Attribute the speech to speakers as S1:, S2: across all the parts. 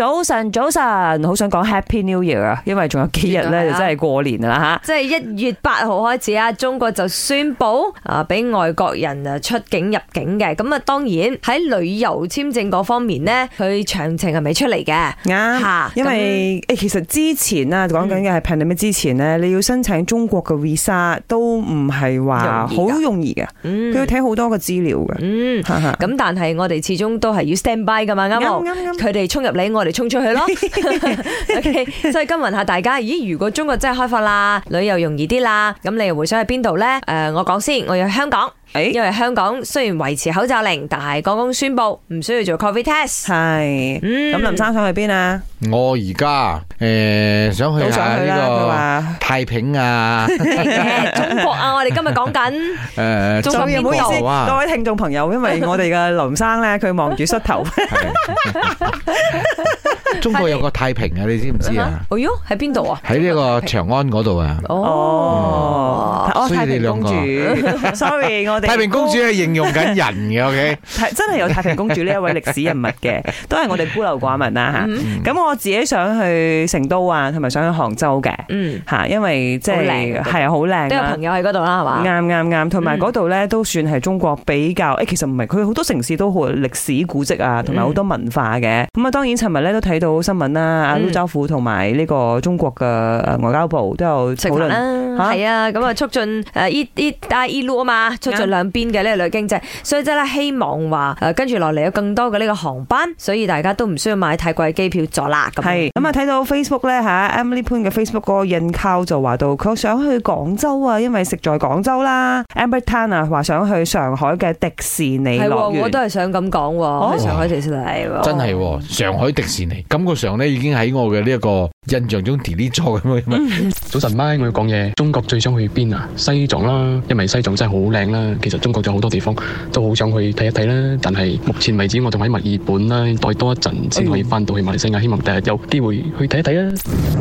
S1: 早晨，早晨，好想講 Happy New Year 啊！因為仲有幾日咧，就真係過年啦吓。
S2: 即係一月八號開始啊，中國就宣布啊，俾外國人啊出境入境嘅。咁啊，當然喺旅遊簽證嗰方面咧，佢詳情係未出嚟嘅
S1: 吓。因為誒，其實之前啊講緊嘅係 pandemic 之前咧、嗯，你要申請中國嘅 visa 都唔係話好容易嘅，佢要睇好多嘅資料嘅。嗯，咁、嗯、但
S2: 係我哋始終都係要 stand by 噶嘛，啱唔啱？佢哋衝入嚟，我哋。衝出去咯！OK，所以今問下大家，咦？如果中國真係開放啦，旅遊容易啲啦，咁你又會想去邊度咧？誒、呃，我講先，我要去香港，誒、欸，因為香港雖然維持口罩令，但係剛剛宣布唔需要做 Covid Test，係。咁、嗯、林生想去邊啊？
S1: 我而家誒想去，好想去啊呢個太平啊，
S2: 中國啊！我哋今日講緊
S1: 誒，中國有，有？唔好意思，各位聽眾朋友，因為我哋嘅林生咧，佢望住膝頭。 中國有個太平啊，你知唔知啊？哦、
S2: uh、喲 -huh. oh,，喺邊度啊？
S1: 喺呢個長安嗰度啊！哦、oh, mm.，太平公主，sorry，我哋太平公主係形容緊人嘅，OK？真係有太平公主呢一位歷史人物嘅，都係我哋孤陋寡聞啦嚇。咁、mm -hmm. 啊、我自己想去成都啊，同埋想去杭州嘅，嚇、mm -hmm.，因為即係係好靚，都有朋友
S2: 喺嗰度啦，係嘛？啱
S1: 啱啱，同埋嗰度咧都算係中國比較，誒、欸，其實唔係，佢好多城市都好有歷史古蹟啊，同埋好多文化嘅。咁啊，當然尋日咧都睇到。新聞啦！阿盧州府同埋呢個中國嘅外交部都有討論，嗯。
S2: 係啊，咁啊就促進誒依大路啊嘛，促進兩邊嘅呢個經濟，所以真係希望話誒跟住落嚟有更多嘅呢個航班，所以大家都唔需要買太貴機
S1: 票咗啦。咁係咁啊，睇到 Facebook 咧吓，Emily 潘嘅 Facebook 嗰個印考就話到佢想去廣州啊，因為食在廣州啦、啊。Amber Tan 啊，話想去上海嘅迪，啊啊哦、迪士尼。我都係想咁講，上海迪士尼。真係上海迪士尼，感覺上咧已經喺我嘅呢一個印象中 delete 咗咁樣。 早晨 MY 我要講嘢。中國最想去邊啊？西藏啦，因為西藏真係好靚啦。其實中國仲有好多地方都好想去睇一睇啦。但係目前為止我仲喺墨爾本啦，待多一陣先可以翻到去馬來西亞，希望第日有機會去睇一睇啊。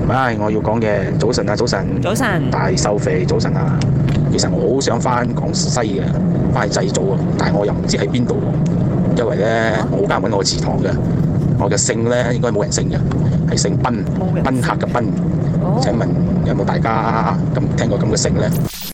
S1: 唉，我要講嘅早晨啊，早晨，早晨，大收肥，早晨啊！其實我好想翻廣西嘅，翻去祭祖啊，但係我又唔知喺邊度，因為咧我好家揾我祠堂嘅，我嘅姓咧應該冇人姓嘅，係姓賓，賓客嘅賓。Oh. 請問有冇大家咁
S2: 聽過咁嘅聲咧？